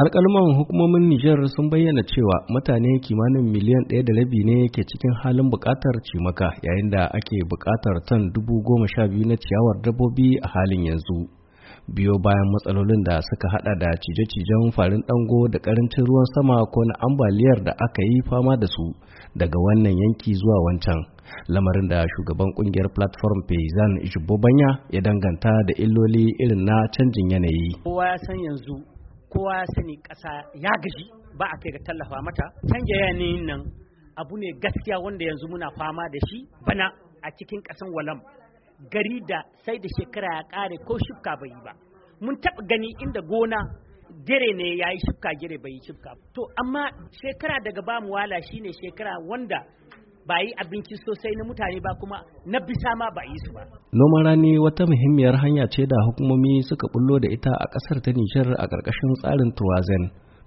alkalman hukumomin Nijar sun bayyana cewa mutane kimanin miliyan ɗaya da rabi ne ke cikin halin buƙatar cimaka yayin da ake buƙatar tan dubu goma sha biyu na ciyawar dabbobi a halin yanzu biyo bayan matsalolin da suka hada da cije-cijen farin dango da karancin ruwan sama ko na ambaliyar da aka yi fama da su daga wannan yanki zuwa wancan lamarin da shugaban kungiyar platform paysan Banya ya danganta da illoli irin na canjin yanayi kowa ya san yanzu kowa ya sani ƙasa ya gaji ba a kai ga tallafa mata canja yanayin nan abu ne gaskiya wanda yanzu muna fama da shi bana a cikin ƙasan walam gari da sai da shekara ya ƙare ko shifka bai yi ba mun taɓa gani inda gona gere ne ya yi shifka gere bai yi shifka to amma shekara daga ba mu wala shine shekara wanda ba yi abinci sosai na mutane ba kuma na bisa ma ba yi su ba. Noman rani wata muhimmiyar hanya ce da hukumomi suka bullo da ita a ƙasar ta Nijar a ƙarƙashin tsarin turazen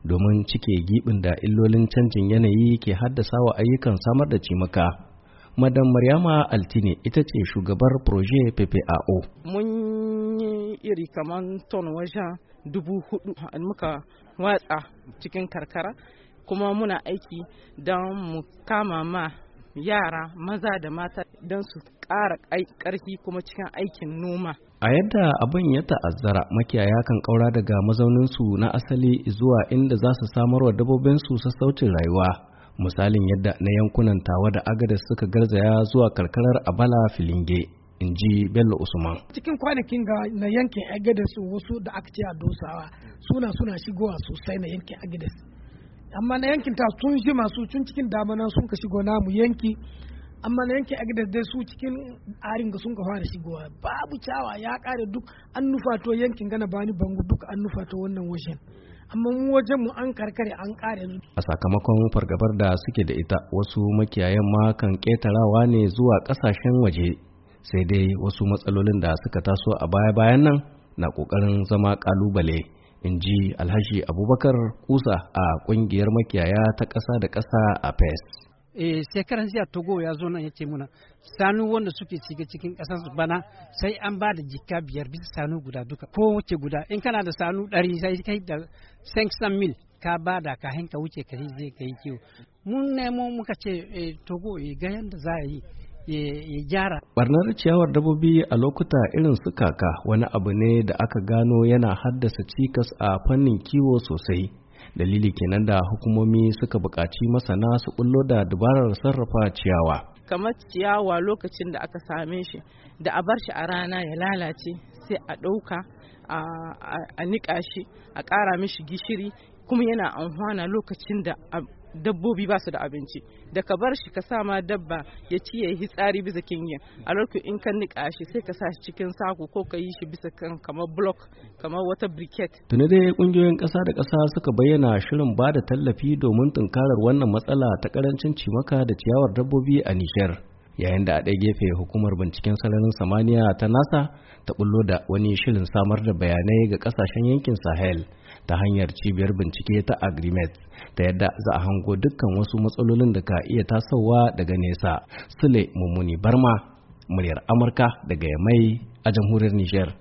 domin cike giɓin da illolin canjin yanayi ke haddasa wa ayyukan samar da cimaka. Madam Maryama Altine ita ce shugabar Proje PPAO. Mun yi iri kamar ton wajen dubu hudu muka watsa cikin karkara kuma muna aiki don mu kama ma yara maza da mata don su ƙara ƙarfi kuma cikin aikin noma. A yadda abin ya ta'azzara makiyaya kan ƙaura daga mazauninsu na asali zuwa inda za su samarwa su sassaucin rayuwa. Misalin yadda na yankunan tawa da agadas suka garzaya zuwa karkarar Abala Filinge. in ji Bello Usman. Cikin kwanakin ga na yankin Agadez wasu da aka ce a dosawa suna suna shigowa sosai na yankin Agadez. amma na yankin ta sun shi masu tun cikin damana sun ka shigo namu yanki amma na yankin agadar dai su cikin arin ga sun ka fara shigowa babu cawa ya kare duk an nufa to yankin gana bani bangu duk an nufa to wannan wajen amma mu wajen mu an karkare an kare a sakamakon fargabar da suke da ita wasu makiyayen ma kan ketarawa ne zuwa kasashen waje sai dai wasu matsalolin da suka taso a baya-bayan nan na kokarin zama kalubale in ji alhashi abubakar kusa a kungiyar makiyaya ta ƙasa da ƙasa a pes eh shekaran jiya togo ya zo nan ya ce muna sanu wanda suke shiga cikin ƙasar su bana sai an ba da jika biyar bisa sanu guda duka ko wuce guda in kana da sanu ɗari sai kai da 500 mil ka ba da ka wuce ka zai ka kiwo mun nemo muka ce eh, togo eh, ga yanda za a yi ya gyara. Barnar ciyawar dabobi a lokuta irin su kaka wani abu ne da aka gano yana haddasa cikas a fannin kiwo sosai. Dalili kenan da hukumomi suka buƙaci masana su bullo da dabarar sarrafa ciyawa. Kamar ciyawa lokacin da aka same shi da a bar shi a rana ya lalace sai a ɗauka a niƙa shi a ƙara mishi gishiri kuma yana amfana lokacin da dabbobi ba su da abinci da ka bar shi ka sa ma dabba ya ci ya yi tsari bisa kinyin a lokacin in ka nika shi sai ka sa shi cikin sako ko ka yi shi bisa kan kamar block kamar wata briquette tuni dai kungiyoyin ƙasa da ƙasa suka bayyana shirin ba da tallafi domin tunkarar wannan matsala ta karancin cimaka da ciyawar dabbobi a Nijar yayin da a ɗaya gefe hukumar binciken sararin samaniya ta nasa ta bullo da wani shirin samar da bayanai ga ƙasashen yankin sahel ta hanyar cibiyar bincike ta agrimet ta yadda za a hango dukkan wasu matsalolin da ka iya tasowa daga nesa sule mummuni barma muryar amurka daga mai a jamhuriyar niger